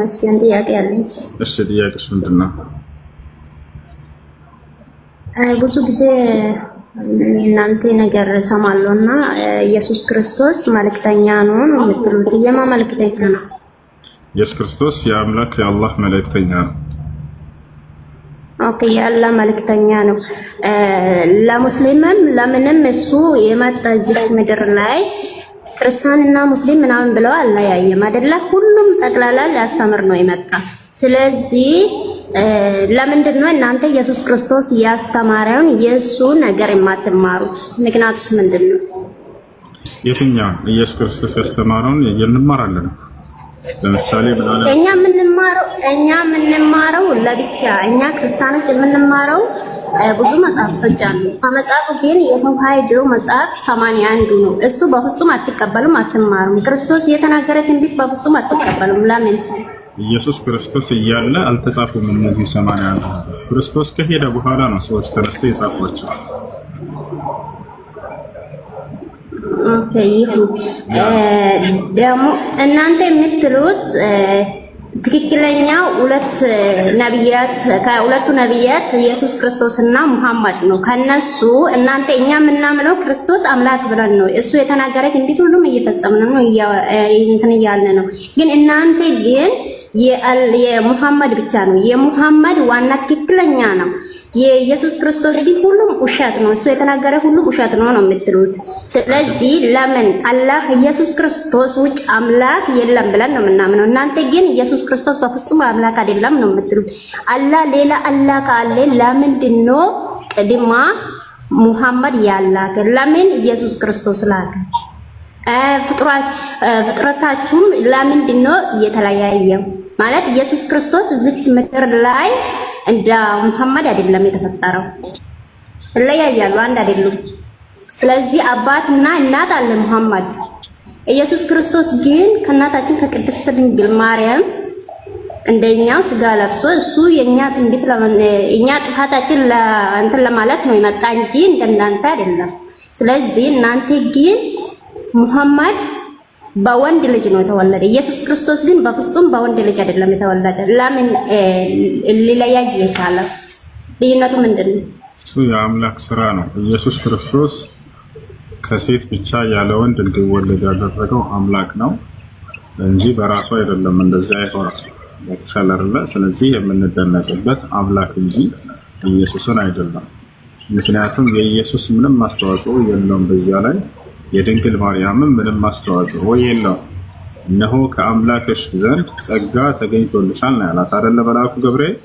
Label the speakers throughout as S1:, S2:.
S1: መስፍን ጥያቄ አለኝ።
S2: እሺ ጥያቄሽ ምንድን ነው?
S1: ብዙ ጊዜ እናንተ ነገር ሰማለሁ እና ኢየሱስ ክርስቶስ መልእክተኛ ነው ነው የምትሉት። የማ መልእክተኛ ነው?
S2: ኢየሱስ ክርስቶስ የአምላክ የአላህ መልእክተኛ ነው።
S1: ኦኬ የአላህ መልእክተኛ ነው። ለሙስሊምም ለምንም እሱ የመጣ እዚህ ምድር ላይ ክርስቲያንና ሙስሊም ምናምን ብለው አላያየም አይደለ? ሁሉም ጠቅላላ ሊያስተምር ነው የመጣ። ስለዚህ ለምንድን ነው እናንተ ኢየሱስ ክርስቶስ ያስተማረውን የእሱ ነገር የማትማሩት? ምክንያቱስ ምንድን ነው?
S2: ኢየሱስ ክርስቶስ ያስተማረውን እንማራለን። ለምሳሌ
S1: እኛ የምንማረው እኛ የምንማረው ለብቻ እኛ ክርስቲያኖች የምንማረው ብዙ መጽሐፎች አሉ። ከመጽሐፉ ግን የተዋሕዶ መጽሐፍ ሰማንያ አንዱ ነው። እሱ በፍጹም አትቀበሉም፣ አትማሩም። ክርስቶስ የተናገረ ትንቢት በፍጹም አትቀበሉም። ለምን?
S2: ኢየሱስ ክርስቶስ እያለ አልተጻፉም። እነዚህ ሰማንያ አንዱ ክርስቶስ ከሄደ በኋላ ነው ሰዎች ተነስተው የጻፏቸው።
S1: ከይፉ ደግሞ uh, እናንተ የምትሉት uh, ትክክለኛው ሁለት uh, ከሁለቱ ነብያት ኢየሱስ ክርስቶስና ሙሐመድ ነው። ከነሱ እናንተ እኛ የምናምነው ክርስቶስ አምላክ ብለን ነው። እሱ የተናገረ ትንቢት ሁሉም እየፈጸምን ነው፣ እንትን እያልን ነው። ግን እናንተ ግን የሙሐመድ ብቻ ነው። የሙሐመድ ዋና ትክክለኛ ነው። የኢየሱስ ክርስቶስ ግን ሁሉም ውሸት ነው። እሱ የተናገረ ሁሉም ውሸት ነው ነው የምትሉት። ስለዚህ ለምን አላህ ኢየሱስ ክርስቶስ ውጭ አምላክ የለም ብለን ነው የምናምነው። እናንተ ግን ኢየሱስ ክርስቶስ በፍጹም አምላክ አይደለም ነው የምትሉት። አላህ ሌላ አላህ አለ። ለምንድን ነው ቅድማ ሙሐመድ ያላከ? ለምን ኢየሱስ ክርስቶስ ላከ? ፍጥረታችሁም ለምንድን ነው እየተለያየ ማለት ኢየሱስ ክርስቶስ እዚች ምድር ላይ እንደ ሙሐመድ አይደለም የተፈጠረው። እለያያሉ አንድ አይደሉም። ስለዚህ አባትና እናት አለ ሙሐመድ። ኢየሱስ ክርስቶስ ግን ከእናታችን ከቅድስት ድንግል ማርያም እንደኛው ስጋ ለብሶ እሱ የኛ ትንቢት እኛ ጥፋታችን እንትን ለማለት ነው የመጣ እንጂ እንደናንተ አይደለም። ስለዚህ እናንተ ግን ሙሐመድ በወንድ ልጅ ነው የተወለደ። ኢየሱስ ክርስቶስ ግን በፍጹም በወንድ ልጅ አይደለም የተወለደ። ለምን ሊለያይ የቻለ? ልዩነቱ ምንድን ነው?
S2: እሱ የአምላክ ስራ ነው። ኢየሱስ ክርስቶስ ከሴት ብቻ ያለ ወንድ እንዲወለድ ያደረገው አምላክ ነው እንጂ በራሱ አይደለም። እንደዚያ አይሆንም የተሻለርለ ስለዚህ የምንደነቅበት አምላክ እንጂ ኢየሱስን አይደለም። ምክንያቱም የኢየሱስ ምንም አስተዋጽኦ የለውም በዚያ ላይ የድንግል ማርያምም ምንም አስተዋጽኦ የለው። እነሆ ከአምላክሽ ዘንድ ጸጋ ተገኝቶልሻል ነው ያላት አደለ መልአኩ ገብርኤል።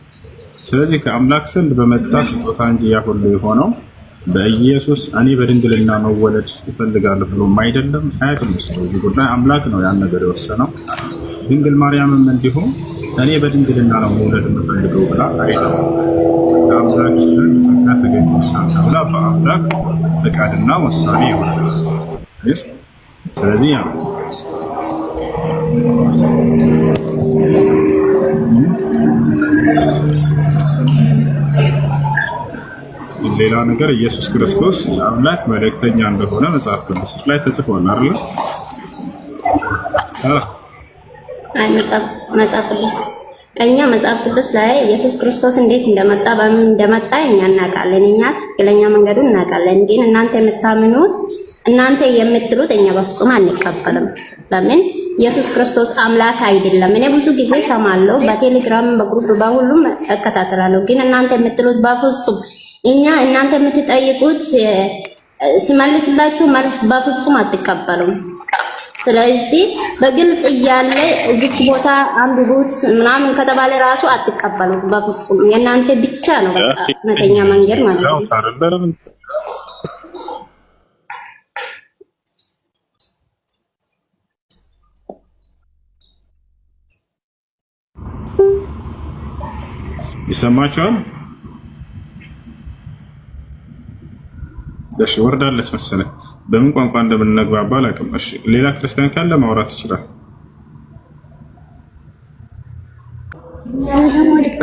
S2: ስለዚህ ከአምላክ ዘንድ በመጣ ስጦታ እንጂ ያ ሁሉ የሆነው በኢየሱስ እኔ በድንግልና መወለድ ይፈልጋለሁ ብሎም አይደለም አያቅም። ስለዚህ ጉዳይ አምላክ ነው ያን ነገር የወሰነው። ድንግል ማርያምም እንዲሁም እኔ በድንግልና ነው መውለድ የምፈልገው ብላ አይደለም። ከአምላክ ዘንድ ጸጋ ተገኝቶልሻል ብላ በአምላክ ፈቃድና ወሳኔ ይሆናል። ስለዚህ ያው ሌላ ነገር ኢየሱስ ክርስቶስ የአምላክ መልእክተኛ እንደሆነ መጽሐፍ ቅዱስ ላይ ተጽፏል አይደል?
S1: አይ መጽሐፍ ቅዱስ እኛ መጽሐፍ ቅዱስ ላይ ኢየሱስ ክርስቶስ እንዴት እንደመጣ በምን እንደመጣ እኛ እናውቃለን። እኛ ትክክለኛ መንገዱን እናውቃለን። ግን እናንተ የምታምኑት እናንተ የምትሉት እኛ በፍጹም አንቀበልም። ለምን ኢየሱስ ክርስቶስ አምላክ አይደለም። እኔ ብዙ ጊዜ ሰማለሁ፣ በቴሌግራም በግሩፕ በሁሉም እከታተላለሁ። ግን እናንተ የምትሉት በፍጹም እኛ እናንተ የምትጠይቁት ሲመልስላችሁ መልስ በፍጹም አትቀበሉም። ስለዚህ በግልጽ እያለ እዚች ቦታ አንብቡት ምናምን ከተባለ ራሱ አትቀበሉም በፍጹም። የእናንተ ብቻ ነው በቃ እውነተኛ መንገድ ማለት ነው።
S2: ይሰማችኋል? እሺ ወርዳለች መሰለኝ። በምን ቋንቋ እንደምንነግባባ አላውቅም። እሺ ሌላ ክርስቲያን ካለ ማውራት ይችላል።
S1: ሰላም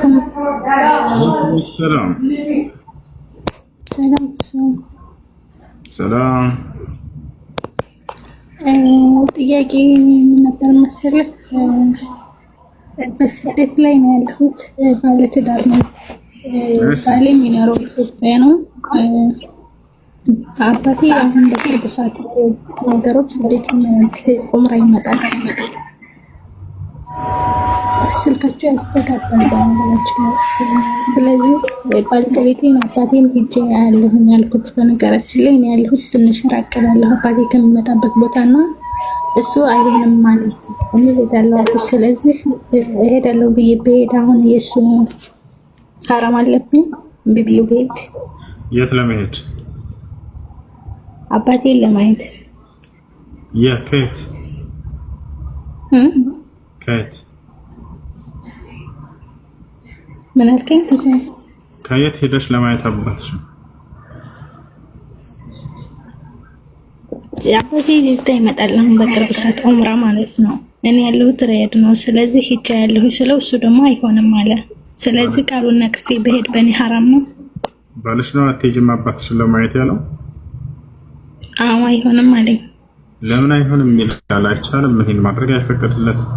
S1: ሰላም ጥያቄ ምን ነበር መሰለህ? በስደት ላይ ነው ያለሁት። ባለትዳር ነው። ባሌ የሚኖረው ኢትዮጵያ ነው። አባቴ አሁን በቅርብ ሰዓት ነገሮች እንዴት ቁምራ ይመጣል ስልካቸው ያስተጋባል። ስለዚህ ባለቤቴን አባቴን ሂጄ ያለሁኝ ያልኩት። በነገራችን ላይ ያለሁት ትንሽ ራቅ እላለሁ አባቴ ከሚመጣበት ቦታ ነው። እሱ አይሆንም ማለት እኔ እሄዳለሁ አልኩሽ። ስለዚህ እሄዳለሁ ብዬ ብሄድ አሁን የእሱ ሀራም አለብኝ ብዬ ብሄድ የት ለመሄድ አባቴን ለማየት
S2: የከየት ከየት ምን አልከኝ? ከየት ሄደሽ ለማየት አባትሽ
S1: አባቴ ጅዳ ይመጣል በቅርብ ሰዓት ኦምራ ማለት ነው። እኔ ያለሁት ሪያድ ነው። ስለዚህ ሂጃ ያለሁ ስለው እሱ ደግሞ አይሆንም አለ። ስለዚህ ቃሉን ነቅፌ በሄድ በእኔ ሀራም ነው።
S2: ባልሽ ነው አትሄጂም አባትሽን ለማየት ያለው?
S1: አዎ አይሆንም አለኝ።
S2: ለምን አይሆንም ይላል? አይቻልም። ይሄን ማድረግ አይፈቀድለትም።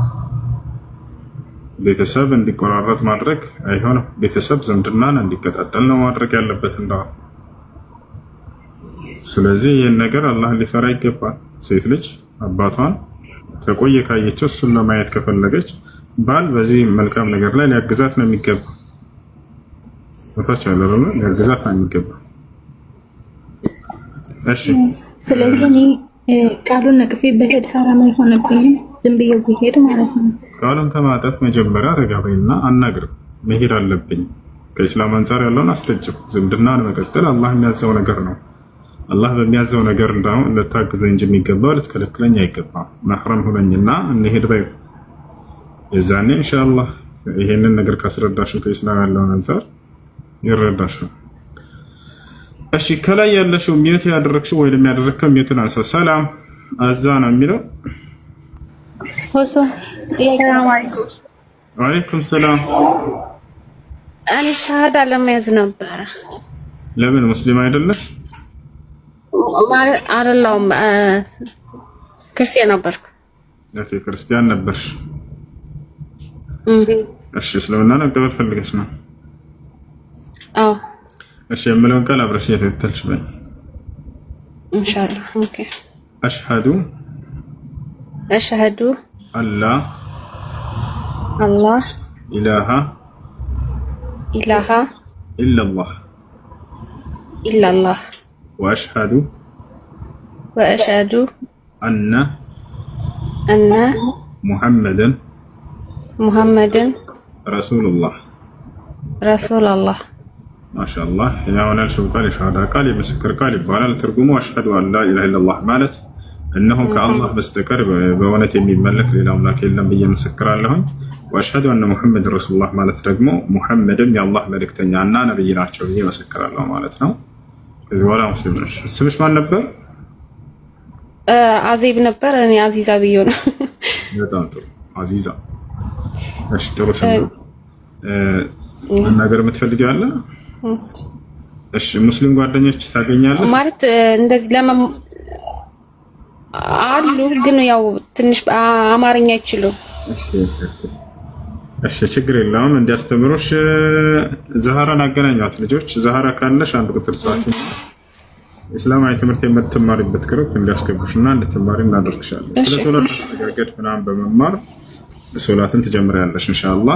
S2: ቤተሰብ እንዲቆራረጥ ማድረግ አይሆንም። ቤተሰብ ዝምድናን እንዲቀጣጠል ነው ማድረግ ያለበት እንደው ስለዚህ ይህን ነገር አላህ ሊፈራ ይገባል። ሴት ልጅ አባቷን ከቆየ ካየችው እሱን ለማየት ከፈለገች ባል በዚህ መልካም ነገር ላይ ሊያግዛት ነው የሚገባ ታች ያለ ሊያግዛት ነው የሚገባ። እሺ
S1: ስለዚህ እኔ ቃሉን ነቅፌ በሄድ ሀራም አይሆንብኝም፣ ዝም ብዬ ብሄድ ማለት
S2: ነው። ቃሉን ከማጠፍ መጀመሪያ ተጋባይና አናግርም መሄድ አለብኝ። ከኢስላም አንጻር ያለውን አስደጅም። ዝምድናን መቀጠል አላህ የሚያዘው ነገር ነው። አላህ በሚያዘው ነገር እንዳው ልታግዘኝ እንጂ የሚገባው ልትከለክለኝ አይገባም። መሕረም ሁነኝና እንሄድ ባይ የዛኔ ኢንሻአላህ ይሄንን ነገር ካስረዳሽው ከኢስላም ያለውን አንፃር ይረዳሻል። እሺ ከላይ ያለሽው ሚዩት ያደረግሽው ወይ ያደረግከው ሚዩትን አንሳ። ሰላም አዛ ነው የሚለው ሆሶ ወአለይኩም ሰላም።
S1: እኔ ሻሃዳ ለመያዝ ነበረ።
S2: ለምን ሙስሊም አይደለሽ?
S1: والله አይደለሁም። ክርስቲያን ነበርኩ።
S2: ኦኬ ክርስቲያን ነበርሽ። እሺ እስልምና መቀበል ፈልገሽ ነው? አዎ። እሺ የምለውን ቃል አብረሽ እየተከተልሽ በይ።
S1: ኢንሻአላህ። ኦኬ አሽሃዱ አሽሃዱ አላ አላህ ኢላሃ ኢላሃ ኢላላህ ኢላላህ ወአሽሃዱ وأشهد أن أن
S2: محمدا
S1: محمدا
S2: رسول الله
S1: رسول الله
S2: ما شاء الله هنا وانا نشوف قال شهادة قال يمسكر قال يبانا نترجمه أشهد أن لا إله إلا الله مالت أنه كالله بستكر بوانا تيمي ملك إلى أملاك إلا بي مسكر لهم وأشهد أن محمد رسول الله مالت رجمه محمد يا الله ملك تنيا أنا نبي ناتشوه يمسكر الله مالتنا كذي ولا مسلم اسمش ما نبه
S1: አዜብ ነበር። እኔ አዚዛ ብዬ ነው።
S2: በጣም ጥሩ አዚዛ። እሺ ጥሩ መናገር የምትፈልጊው አለ? እሺ ሙስሊም ጓደኞች ታገኛለህ
S1: ማለት እንደዚህ ለማ አሉ፣ ግን ያው ትንሽ አማርኛ አይችሉ።
S2: እሺ ችግር የለውም እንዲያስተምሩሽ። ዛህራን አገናኟት ልጆች። ዛህራ ካለሽ አንድ ቁጥር ጻፊ እስላማዊ ትምህርት የምትማሪበት ክረብ እንዲያስገቡሽ እና እንድትማሪ እናደርግሻለን። ስለ ሶላት አስተጋገድ ምናምን በመማር ሶላትን ትጀምሪያለሽ እንሻላ።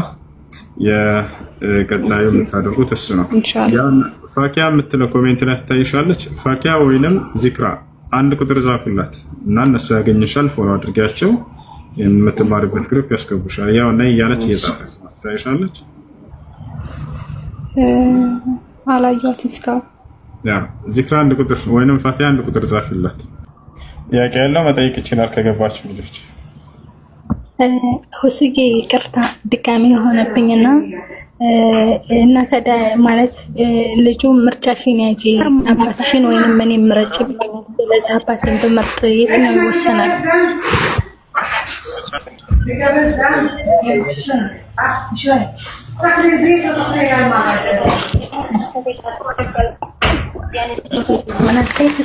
S2: የቀጣዩ የምታደርጉት እሱ ነው። ፋኪያ የምትለው ኮሜንት ላይ ትታይሻለች። ፋኪያ ወይንም ዚክራ አንድ ቁጥር ዛፍላት እና እነሱ ያገኝሻል። ፎሎ አድርጊያቸው የምትማሪበት ግሩፕ ያስገቡሻል። ያው ላይ እያለች እየጻፈች ታይሻለች።
S1: አላየኋትም እስካሁን
S2: ዚክራ አንድ ቁጥር ወይም ፋቲ አንድ ቁጥር ጻፍላት። ጥያቄ ያለው መጠየቅ ይችላል። ከገባችሁ ልጆች
S1: ሁስጌ ይቅርታ ድካሚ የሆነብኝና እና ታዲያ ማለት ልጁ ምርጫሽን ያጂ አባትሽን ወይንም ምን ምረጭ አባቴን ብመርጥ የትኛው ይወሰናል?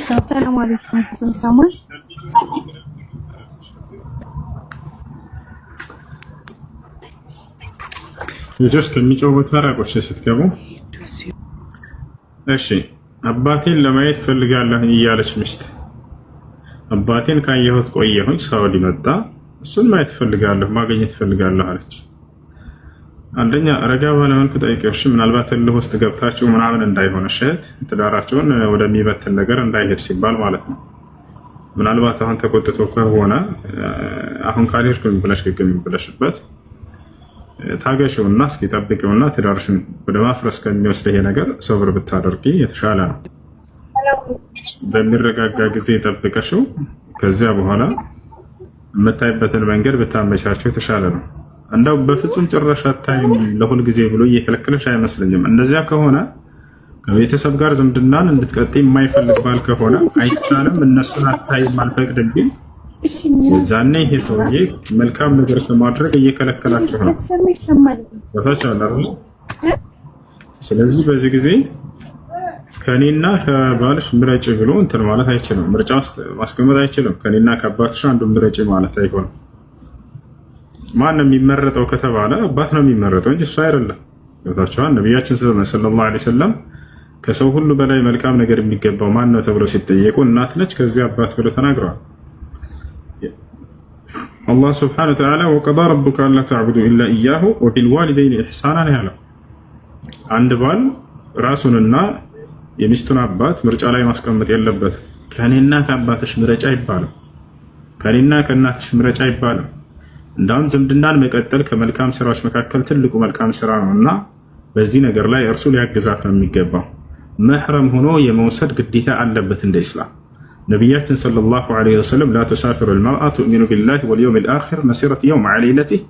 S1: ሰላም አለይኩም ሰማል
S2: ልጆች ከሚጮሁበት መራቆች ስትገቡ፣ እሺ አባቴን ለማየት ፈልጋለሁ እያለች ሚስት አባቴን ካየሁት ቆየሁኝ፣ ሳውዲ መጣ፣ እሱን ማየት ፈልጋለሁ ማግኘት ፈልጋለሁ አለች። አንደኛ ረጋ ባለ መልኩ ጠይቄሽ ምናልባት እልህ ውስጥ ገብታችሁ ምናምን እንዳይሆን እሸት ትዳራችሁን ወደሚበትን ነገር እንዳይሄድ ሲባል ማለት ነው። ምናልባት አሁን ተቆጥቶ ከሆነ አሁን ካልሄድኩም ብለሽ ግግም ብለሽበት ታገሽውና እስኪ ጠብቂውና ትዳርሽን ወደ ማፍረስ ከሚወስድ ይሄ ነገር ሰብር ብታደርጊ የተሻለ ነው። በሚረጋጋ ጊዜ ጠብቀሽው ከዚያ በኋላ የምታይበትን መንገድ ብታመቻቸው የተሻለ ነው። እንደው በፍጹም ጭራሽ አታይም ለሁል ጊዜ ብሎ እየከለከለሽ አይመስለኝም። እንደዚያ ከሆነ ከቤተሰብ ጋር ዝምድናን እንድትቀጥይ የማይፈልግ ባል ከሆነ አይቻልም፣ እነሱን አታይም፣ አልፈቅድም ቢል የዛኔ ይሄ ሰውዬ መልካም ነገር ከማድረግ እየከለከላችሁ ነው። ስለዚህ በዚህ ጊዜ ከኔና ከባልሽ ምረጭ ብሎ እንትን ማለት አይችልም፣ ምርጫ ውስጥ ማስቀመጥ አይችልም። ከኔና ከአባትሽ አንዱ ምረጭ ማለት አይሆንም። ማን ነው የሚመረጠው ከተባለ አባት ነው የሚመረጠው እንጂ እሱ አይደለም። ገብታችኋል? ነቢያችን ሰለላሁ ዐለይሂ ወሰለም ከሰው ሁሉ በላይ መልካም ነገር የሚገባው ማን ነው ተብለው ሲጠየቁ እናት ነች፣ ከዚያ አባት ብለው ተናግረዋል። አላህ ስብሐነሁ ወተዓላ ወቀዳ ረቡከ አላ ተዕቡዱ ኢላ ኢያሁ ወቢልዋሊደይን ኢሕሳና ነው ያለው። አንድ ባል ራሱንና የሚስቱን አባት ምርጫ ላይ ማስቀመጥ የለበትም። ከእኔና ከአባትሽ ምረጫ አይባልም። ከእኔና ከእናትሽ ምረጫ አይባልም። እንዳውም ዝምድናን መቀጠል ከመልካም ስራዎች መካከል ትልቁ መልካም ስራ ነው እና በዚህ ነገር ላይ እርሱ ሊያግዛት ነው የሚገባው። መህረም ሆኖ የመውሰድ ግዴታ አለበት እንደ ኢስላም። ነቢያችን ሰለላሁ ዐለይሂ ወሰለም ላ ቱሳፊሩ ልመርአ ቱእሚኑ ቢላህ ወልየውም ልአኪር መሲረት የውም ዓሌለቲህ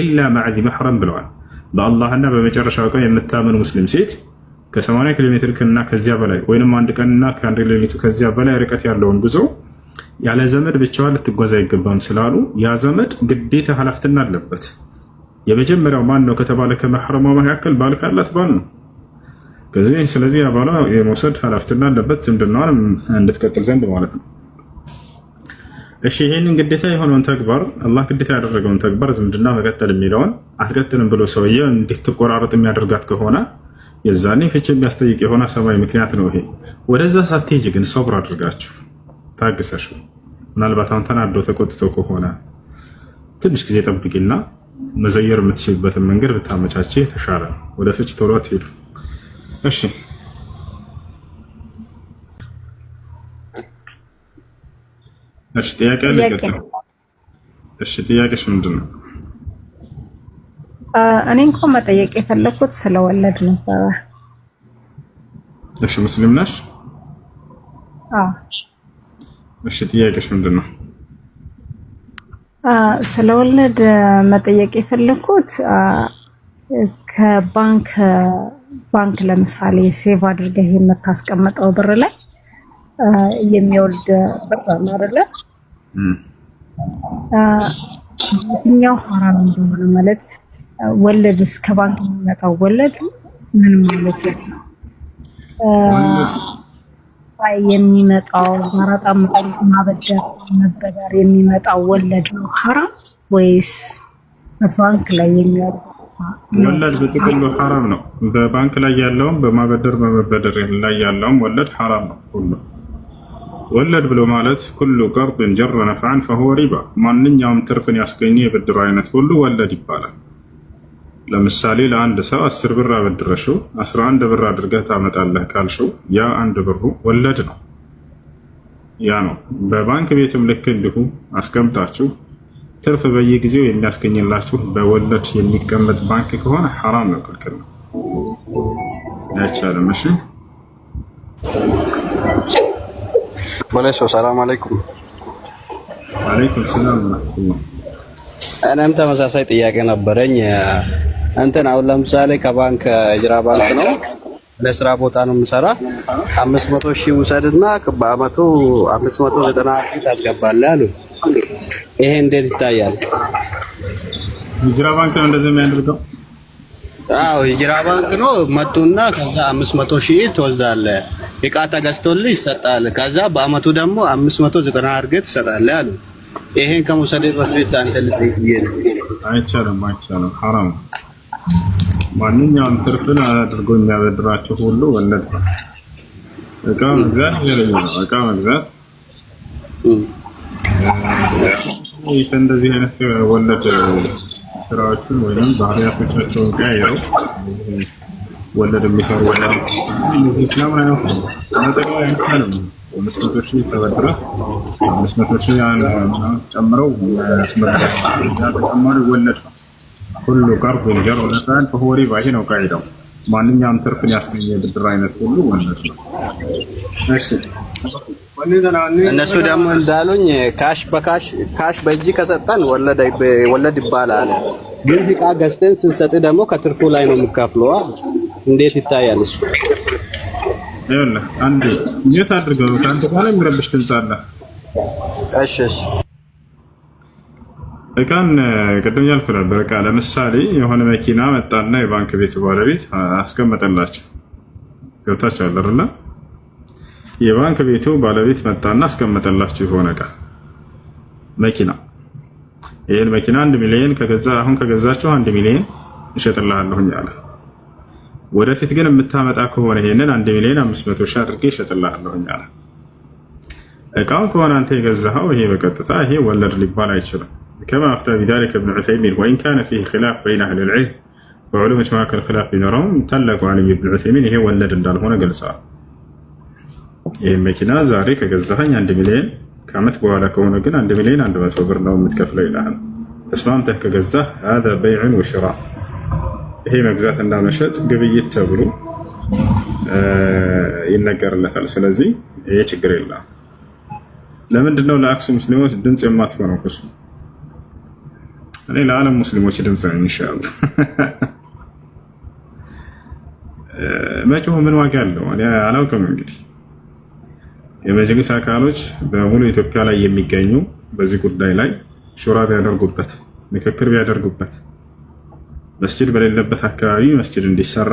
S2: ኢላ ማዕዚ መሕረም ብለዋል። በአላህና በመጨረሻው ቀን የምታምን ሙስሊም ሴት ከ80 ኪሎ ሜትር እና ከዚያ በላይ ወይም አንድ ቀንና ከአንድ ሌሊቱ ከዚያ በላይ ርቀት ያለውን ጉዞ ያለ ዘመድ ብቻዋን ልትጓዝ አይገባም ስላሉ ያ ዘመድ ግዴታ ኃላፊነት አለበት። የመጀመሪያው ማን ነው ከተባለ ከመሐረሟ መካከል ባል ካላት ባል ነው። ከዚህ ስለዚህ ያ የመውሰድ ኃላፊነት አለበት፣ ዝምድናዋን እንድትቀጥል ዘንድ ማለት ነው። እሺ ይህንን ግዴታ የሆነውን ተግባር አላህ ግዴታ ያደረገውን ተግባር ዝምድና መቀጠል የሚለውን አትቀጥልም ብሎ ሰውየ እንድትቆራረጥ የሚያደርጋት ከሆነ የዛኔ ፍቺ የሚያስጠይቅ የሆነ ሰማይ ምክንያት ነው ይሄ። ወደዛ ሳትሄጅ ግን ሰብር አድርጋችሁ ታግሰሽ ምናልባት አሁን ተናዶ ተቆጥቶ ከሆነ ትንሽ ጊዜ ጠብቂና መዘየር የምትችልበትን መንገድ ብታመቻች የተሻለ ነው። ወደ ፍች ቶሎ ትሄዱ። እሺ እሺ፣ ጥያቄ አለ። እሺ፣ ጥያቄሽ ምንድን ነው?
S1: እኔ እንኳን መጠየቅ የፈለኩት ስለወለድ ነበረ።
S2: እሺ፣ ሙስሊም ነሽ? አዎ እሺ ጥያቄሽ ምንድን ነው?
S1: ስለወለድ መጠየቅ የፈለኩት ከባንክ ባንክ ለምሳሌ ሴቭ አድርገህ የምታስቀምጠው ብር ላይ የሚወልድ ብር ነው አይደለ? የትኛው ሐራም እንደሆነ ማለት ወለድስ ከባንክ የሚመጣው ወለድ ምን ማለት ነው? የሚመጣው አራጣ ማበደር መበደር የሚመጣው ወለድ ነው ሐራም ወይስ በባንክ ላይ የሚያደርጉ
S2: ወለድ በጥቅሉ ሐራም ነው። በባንክ ላይ ያለውም በማበደር በመበደር ላይ ያለውም ወለድ ሐራም ነው። ሁሉ ወለድ ብሎ ማለት ኩሉ ቀርጥን ጀረ ነፍዓን ፈሁወ ሪባ፣ ማንኛውም ትርፍን ያስገኘ የብድር አይነት ሁሉ ወለድ ይባላል። ለምሳሌ ለአንድ ሰው አስር ብር አበድረሽው አስራ አንድ ብር አድርገህ ታመጣለህ ካልሽው ያ አንድ ብሩ ወለድ ነው። ያ ነው። በባንክ ቤትም ልክ እንዲሁ አስቀምጣችሁ ትርፍ በየጊዜው የሚያስገኝላችሁ በወለድ የሚቀመጥ ባንክ ከሆነ ሐራም ነው፣ ክልክል ነው፣ አይቻልም። እሺ ሰላም አለይኩም። አለይኩም ሰላም።
S3: እኔም ተመሳሳይ ጥያቄ ነበረኝ። እንትን አሁን ለምሳሌ ከባንክ እጅራ ባንክ ነው ለስራ ቦታ ነው የምሰራ። 500 ሺህ ውሰድና በአመቱ 590 ሺህ ታስገባለህ አሉ። ይሄ እንዴት ይታያል?
S2: እጅራ ባንክ ነው እንደዚህ የሚያደርገው።
S3: አዎ እጅራ ባንክ ነው መጡና፣ ከዛ 500 ሺህ ትወስዳለህ። እቃ ተገዝቶልህ ይሰጣል። ከዛ በአመቱ ደግሞ 590 አድርገህ ትሰጣለህ አሉ። ይሄን ከመውሰድ በፊት አንተ ልትይዝ
S2: አይቻልም፣ አይቻልም፣ ሐራም ማንኛውም ትርፍን አድርጎ የሚያበድራቸው ሁሉ ወለድ ነው። እቃ መግዛት ገለኝ ነው። እቃ መግዛት እንደዚህ አይነት ወለድ ስራዎችን ወይም ባህሪያቶቻቸውን ቀያየው ወለድ የሚሰሩ እነዚህ ስላምን አይነት ነው። መጠቀ አይቻልም። አምስት መቶ ሺህ ተበድረ አምስት መቶ ሺህ ጨምረው ተጨማሪ ወለድ ነው ሁሉ ቀርቡ ጀሮ ነሳን فهو ሪባ። ይሄ ነው ቃይዳው። ማንኛውም ትርፍን ያስገኘ ብድር አይነት ሁሉ ወለድ ነው። እሺ
S3: እነሱ ደግሞ እንዳሉኝ ካሽ በካሽ ካሽ በእጅ ከሰጠን ወለድ ወለድ ይባላል። ግን እቃ ገዝተን ስንሰጥ ደግሞ ከትርፉ ላይ ነው የሚካፍለው። እንዴት ይታያል እሱ?
S2: ይኸውልህ አንዴ ኒውት አድርገው ከአንተ በኋላ የሚረብሽ ድምፅ አለ። እሺ እሺ እቃን ቅድም ያልኩ ነበር። እቃ ለምሳሌ የሆነ መኪና መጣና የባንክ ቤቱ ባለቤት አስቀመጠላቸው። ገብታችሁ አለርና የባንክ ቤቱ ባለቤት መጣና አስቀመጠላችሁ የሆነ እቃ መኪና። ይህን መኪና አንድ ሚሊዮን ከገዛ አሁን ከገዛችሁ አንድ ሚሊዮን እሸጥልሃለሁኝ አለ። ወደፊት ግን የምታመጣ ከሆነ ይሄንን አንድ ሚሊዮን አምስት መቶ ሺህ አድርጌ እሸጥልሃለሁኝ አለ። እቃውን ከሆነ አንተ የገዛኸው ይሄ በቀጥታ ይሄ ወለድ ሊባል አይችልም። كما أفتى بذلك ابن عثيمين وإن كان فيه خلاف بين أهل العلم በዑለሞች መካከል ክላፍ ቢኖረውም ታላቁ ዓሊም ኢብኑል ዑሰይሚን ይሄ ወለድ እንዳልሆነ ገልጸዋል። ይህም መኪና ዛሬ ከገዛኸኝ አንድ ሚሊዮን ከዓመት በኋላ ከሆነ ግን አንድ ሚሊዮን አንድ መቶ ብር ነው የምትከፍለው ይልሃል። ተስማምተህ ከገዛህ ሀዛ በይዕን ወሽራ ይሄ መግዛት እና መሸጥ ግብይት ተብሎ ይነገርለታል። ስለዚህ ይሄ ችግር የለም። ለምንድነው ለአክሱ ሙስሊሞች ድምፅ የማትሆነው ክሱ እኔ ለዓለም ሙስሊሞች ድምፅ ነው ይሻሉ መጮህ ምን ዋጋ አለው? እኔ አላውቅም። እንግዲህ የመጅሊስ አካሎች በሙሉ ኢትዮጵያ ላይ የሚገኙ በዚህ ጉዳይ ላይ ሹራ ቢያደርጉበት፣ ምክክር ቢያደርጉበት፣ መስጅድ በሌለበት አካባቢ መስጅድ እንዲሰራ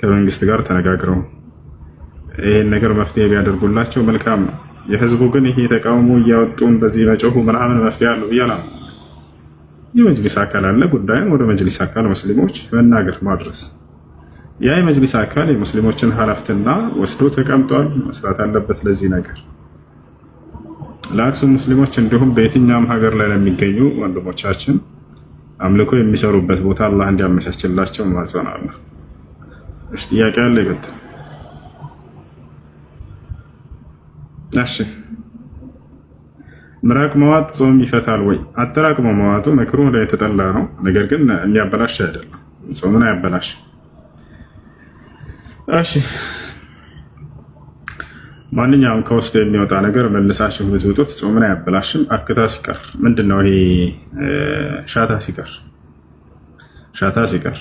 S2: ከመንግስት ጋር ተነጋግረው ይሄን ነገር መፍትሄ ቢያደርጉላቸው መልካም ነው። የህዝቡ ግን ይሄ ተቃውሞ እያወጡን በዚህ መጮሁ ምናምን መፍትሄ አለው ነው የመጅሊስ አካል አለ። ጉዳዩን ወደ መጅሊስ አካል ሙስሊሞች መናገር ማድረስ። ያ የመጅሊስ አካል የሙስሊሞችን ሀላፍትና ወስዶ ተቀምጧል፣ መስራት አለበት። ለዚህ ነገር ለአክሱም ሙስሊሞች እንዲሁም በየትኛውም ሀገር ላይ ለሚገኙ ወንድሞቻችን አምልኮ የሚሰሩበት ቦታ አላህ እንዲያመቻችላቸው ማጸናለ ጥያቄ አለ? ይቀጥል። እሺ ምራቅ መዋጥ ጾም ይፈታል ወይ? አጠራቅሞ መዋጡ መክሩህ ላይ የተጠላ ነው። ነገር ግን የሚያበላሽ አይደለም፣ ጾምን አያበላሽ። እሺ ማንኛውም ከውስጥ የሚወጣ ነገር መልሳችሁ ብትውጡት ጾምን አያበላሽም። አክታ ሲቀር ምንድን ነው ይሄ? ሻታ ሲቀር ሻታ ሲቀር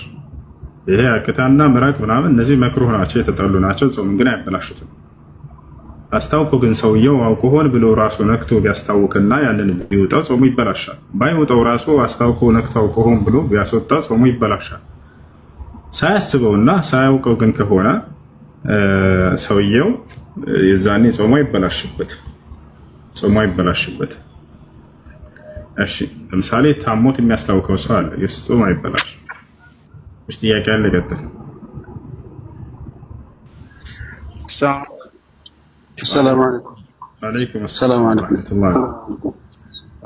S2: ይሄ አክታና ምራቅ ምናምን እነዚህ መክሩህ ናቸው፣ የተጠሉ ናቸው። ጾምን ግን አያበላሹትም። አስታውቆ ግን ሰውየው አውቆ ሆን ብሎ ራሱ ነክቶ ቢያስታውቅና ያንን ቢወጣው ጾሙ ይበላሻል። ባይወጣው ራሱ አስታውቆ ነክቶ አውቆ ሆን ብሎ ቢያስወጣ ጾሙ ይበላሻል። ሳያስበውና ሳያውቀው ግን ከሆነ ሰውየው የዛኔ ጾሙ ይበላሽበት ጾሙ ይበላሽበት። እሺ፣ ለምሳሌ ታሞት የሚያስታውቀው ሰው አለ፣ የሱ ይበላሽ። አይበላሽ። ጥያቄ አለ። ቀጥል
S3: ሰላም አለይኩም አለይኩም ሰላም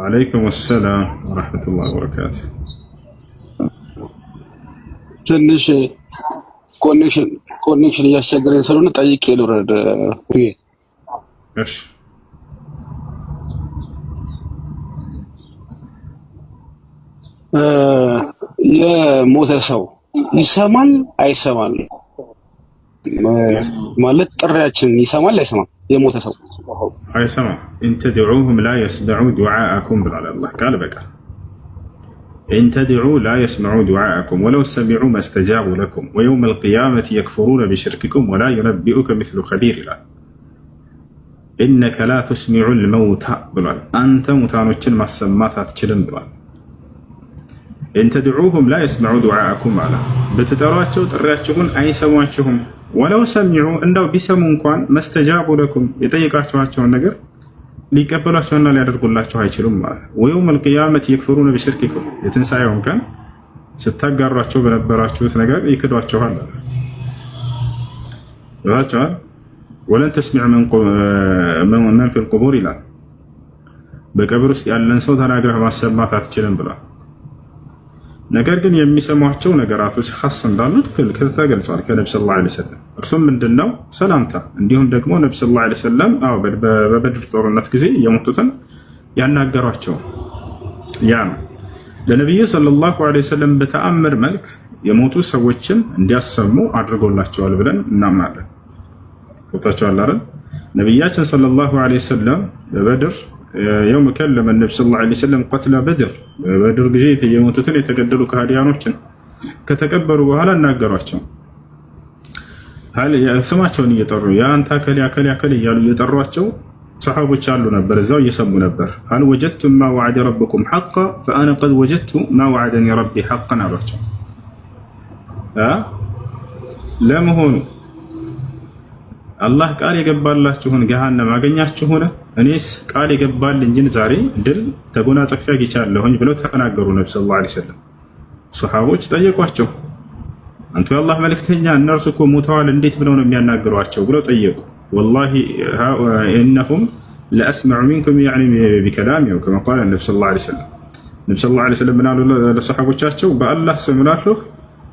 S2: አለይኩም ሰላም ወራህመቱላሂ ወበረካቱ።
S3: ትንሽ ኮኔክሽን ኮኔክሽን እያስቸገረኝ ስለሆነ ጠይቄ ልውረድ። እሺ የሞተ ሰው ይሰማል አይሰማል? ማለት ጥሪያችንን ይሰማል አይሰማል? የሞተ ሰው
S2: አይሰማም። እንተድዑሁም ላ የስመዑ ዱዓአኩም ብሏል አላህ ቃል በቃል እንተድዑ ላ የስመዑ ዱዓአኩም ወለው ሰሚዑ መስተጃቡ ለኩም ወየውም አልቅያመት የክፍሩነ ቢሽርክኩም ወላ ዩነቢኡከ ምስሉ ከቢር ይላል። ኢነከ ላ ቱስሚዑ ልመውታ ብሏል። አንተ ሙታኖችን ማሰማት አትችልም ብሏል። እንተድዑሁም ላ የስመዑ ዱዓአኩም አለ። ብትጠሯቸው ጥሪያችሁን አይሰሟችሁም ወለው ሰሚዑ እንደው ቢሰሙ እንኳን መስተጃቡ ለኩም የጠየቃችኋቸውን ነገር ሊቀበሏቸውና ሊያደርጉላቸው አይችሉም። ማለት ወየውም አልቅያመት የክፍሩነ ቢሽርኪኩም የትንሣኤውን ቀን ስታጋሯቸው በነበራችሁት ነገር ይክዷቸዋል። ቸዋል ወለን ተስሚዕ መን ፊል ቁቡር ይላል። በቀብር ውስጥ ያለን ሰው ተናግረህ ማሰማት አትችልም ብሏል። ነገር ግን የሚሰሟቸው ነገራቶች ሀስ እንዳሉት ተገልጿል። ከነብ ስ ላ ሰለም እርሱም ምንድን ነው ሰላምታ፣ እንዲሁም ደግሞ ነብ ስ ላ ሰለም በበድር ጦርነት ጊዜ የሞቱትን ያናገሯቸው ያ ነው። ለነቢዩ ሰለላሁ ዐለይሂ ወሰለም በተአምር መልክ የሞቱ ሰዎችን እንዲያሰሙ አድርጎላቸዋል ብለን እናምናለን። ቦታቸዋል ነቢያችን ሰለላሁ ዐለይሂ ወሰለም በበድር የውም ከለመ ነቢ ስ ላ ሰለም ቀትለ በድር በድር ጊዜ የሞቱትን የተገደሉ ከሃዲያኖችን ከተቀበሩ በኋላ እናገሯቸው። ስማቸውን እየጠሩ የአንተ አከሌ አከሌ አከሌ እያሉ እየጠሯቸው ሰሓቦች አሉ ነበር፣ እዛው እየሰሙ ነበር። ሀል ወጀድቱም ማ ዋዕደ ረብኩም ሐቃ ፈአነ ቀድ ወጀድቱ ማ ዋዕደኒ ረቢ ሐቀን አሏቸው። ለመሆኑ አላህ ቃል የገባላችሁን ገሃነም አገኛችሁ ሆነ እኔስ ቃል የገባልኝን ዛሬ ድል ተጎናጽፌ አግኝቻለሁኝ ብለው ተናገሩ። ነቢ ስ ላ ሰለም ሰሓቦች ጠየቋቸው። አንቱ የአላህ መልክተኛ እነርሱ እኮ ሞተዋል፣ እንዴት ብለው ነው የሚያናግሯቸው ብለው ጠየቁ። ወላሂ እነሁም ለአስመዑ ሚንኩም ቢከላም ው ከማ ቃለ ነቢ ስ ላ ሰለም ነቢ ስ ላ ሰለም ምናሉ ለሰሓቦቻቸው በአላህ ስም እላለሁ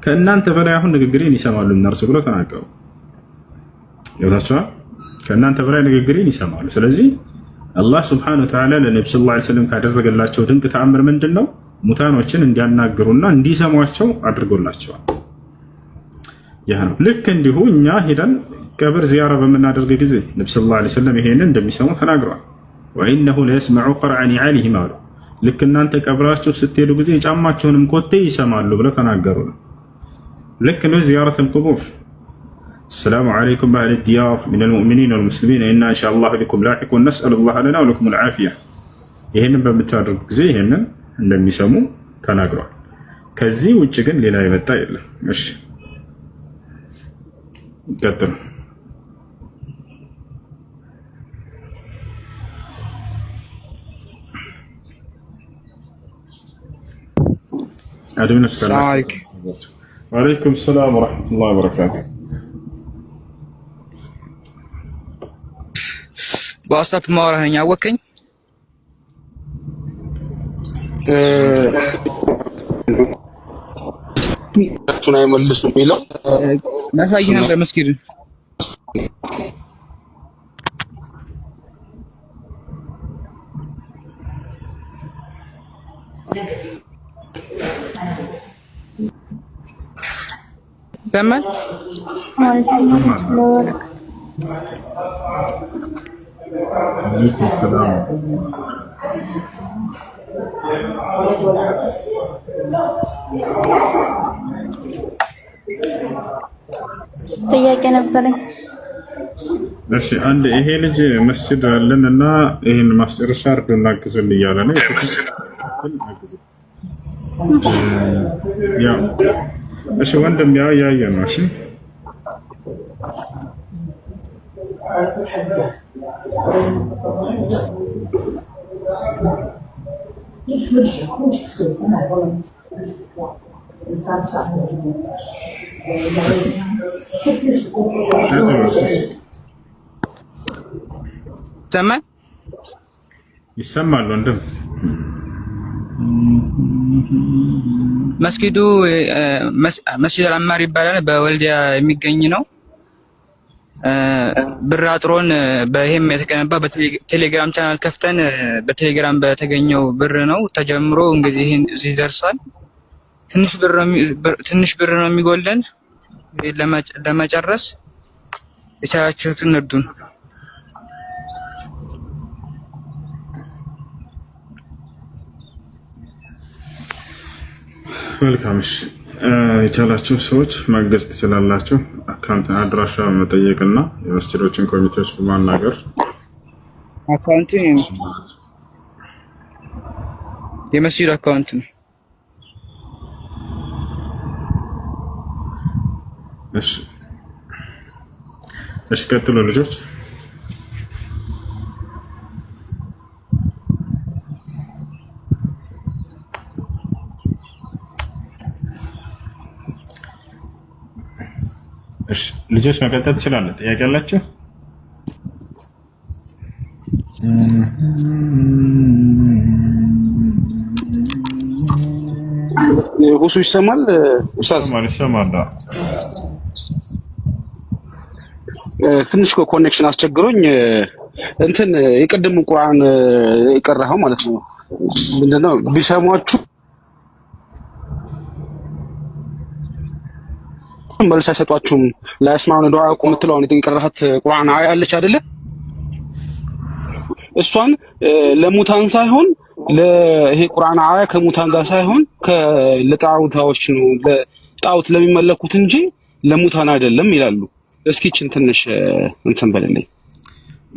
S2: ከእናንተ በላይ አሁን ንግግሬን ይሰማሉ እነርሱ ብለው ተናገሩ። ይብላችኋል። ከእናንተ በላይ ንግግሬን ይሰማሉ። ስለዚህ አላህ ስብሐነሁ ወተዓላ ለነቢ ስ ላ ስለም ካደረገላቸው ድንቅ ተአምር ምንድን ነው? ሙታኖችን እንዲያናግሩና እንዲሰሟቸው አድርጎላቸዋል። ያ ነው። ልክ እንዲሁ እኛ ሄደን ቀብር ዚያራ በምናደርግ ጊዜ ነቢ ስ ላ ስለም ይሄንን እንደሚሰሙ ተናግረዋል። ወኢነሁ ለየስመዑ ቀርዐን ዓሊህም አሉ። ልክ እናንተ ቀብራችሁ ስትሄዱ ጊዜ የጫማችሁንም ኮቴ ይሰማሉ ብለው ተናገሩ ልክ ነው ዚያረተል ቁቡር السلام عليكم أهل الديار من المؤمنين والمسلمين إنا إن شاء الله بكم لاحق ونسأل الله لنا ولكم العافية ይህንን በምታደርጉ ጊዜ ይህንን እንደሚሰሙ ተናግሯል። ከዚህ ውጭ ግን ሌላ የመጣ የለም። እሺ ቀጥሉ። አድምነስ ሰላም አለይኩም ሰላም ወረሕመቱላሂ ወበረካቱ
S1: በዋትስአፕ ማውራህ ነኝ አወቀኝ።
S3: እሱን አይመልሱም የሚለው
S1: ላሳይህ ነበር መስጊድ ሰማን
S2: አለይኩም ሰላም።
S1: ጥያቄ ነበረኝ።
S2: እሺ አንድ ይሄ ልጅ መስጅድ አለን እና ይሄን ማስጨረሻ እርዱ እናግዝን እያለ ነው። እሺ ወንድም ያው ያየ ነው። እሺ ይሰማል ይሰማል። ወንድም
S1: መስጊዱ መስጂድ አልአንማር ይባላል። በወልዲያ የሚገኝ ነው። ብር አጥሮን በይህም የተገነባ በቴሌግራም ቻናል ከፍተን በቴሌግራም በተገኘው ብር ነው ተጀምሮ እንግዲህ እዚህ ደርሷል። ትንሽ ብር ነው የሚጎለን ለመጨረስ። የቻላችሁትን እርዱን።
S2: መልካምሽ የቻላችሁ ሰዎች ማገዝ ትችላላችሁ። አካውንት አድራሻ መጠየቅና የመስጅዶችን ኮሚቴዎች በማናገር
S1: አካውንቱ የመስጅድ አካውንት ነው።
S2: እሺ፣ ቀጥሎ ልጆች እሺ ልጆች መቀጠል ትችላለህ። ጥያቄ አላችሁ?
S3: ሁሱ ይሰማል?
S2: ኡስታዝ ማለት ይሰማል።
S3: ትንሽ ኮኔክሽን አስቸግሮኝ እንትን የቀደሙ ቁርአን የቀራኸው ማለት ነው ምንድነው ቢሰማችሁ እሱም መልስ አይሰጧችሁም። ለእስማኑ ዱዓ ቁም የምትለውን የቀራሃት ቁርአን አያለች አይደለ? እሷን ለሙታን ሳይሆን ለይሄ ቁርአን አያ ከሙታን ጋር ሳይሆን ለጣውታዎች ነው ለጣውት ለሚመለኩት እንጂ ለሙታን አይደለም ይላሉ። እስኪችን ትንሽ እንትን በልልኝ።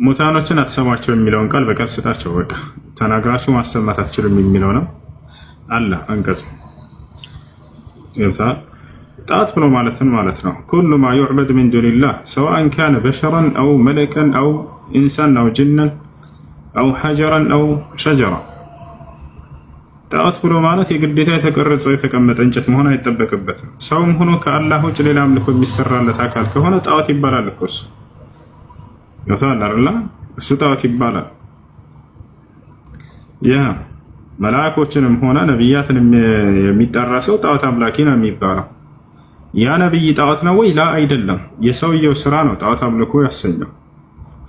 S2: ሙታኖችን አትሰማቸው የሚለውን ቃል በቀር ስጣቸው። በቃ ተናግራችሁ ማሰማት አትችሉም የሚለው ነው አላ አንቀጽ ጣት ብሎ ማለትን ማለት ነው። ኩሉ ማ ዩዕበድ ሚን ዱንላህ ሰዋአን ካነ በሸረን አው መለከን አው ኢንሳን አው ጅነን አው ሐጀረን አው ሸጀራ። ጣዖት ብሎ ማለት የግዴታ የተቀረጸ የተቀመጠ እንጨት መሆን አይጠበቅበትም። ሰውም ሆኖ ከአላህ ውጭ ሌላ አምልኮ የሚሰራለት አካል ከሆነ ጣዖት ይባላል እኮ እሱ እሱ ጣዖት ይባላል። ያ መላእኮችንም ሆነ ነቢያትን የሚጠራ ሰው ጣት አምላኪ ነው የሚባለው። ያ ነቢይ ጣዖት ነው ወይ? ላ አይደለም፣ የሰውየው ስራ ነው ጣዖት አምልኮ ያሰኘው።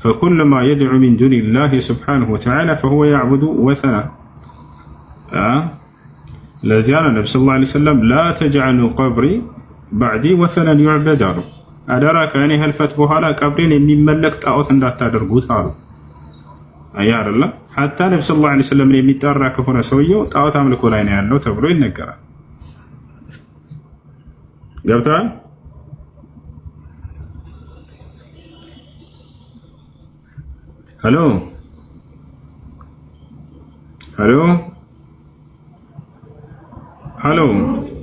S2: ፈኩል ማ የድዑ ሚን ዱኒ ላህ ስብሓነሁ ወተዓላ ፈሁወ ያዕቡዱ ወተና። ለዚያ ነው ነቢ ሰለላሁ ዓለይሂ ወሰለም ላ ተጅዐሉ ቀብሪ ባዕዲ ወተናን ዩዕበድ አሉ። አደራ ከእኔ ህልፈት በኋላ ቀብሬን የሚመለክ ጣዖት እንዳታደርጉት አሉ። አያ አይደለም። ሐታ ነቢ ሰለላሁ ዓለይሂ ወሰለምን የሚጠራ ከሆነ ሰውየው ጣዖት አምልኮ ላይ ነው ያለው ተብሎ ይነገራል። you have hello hello hello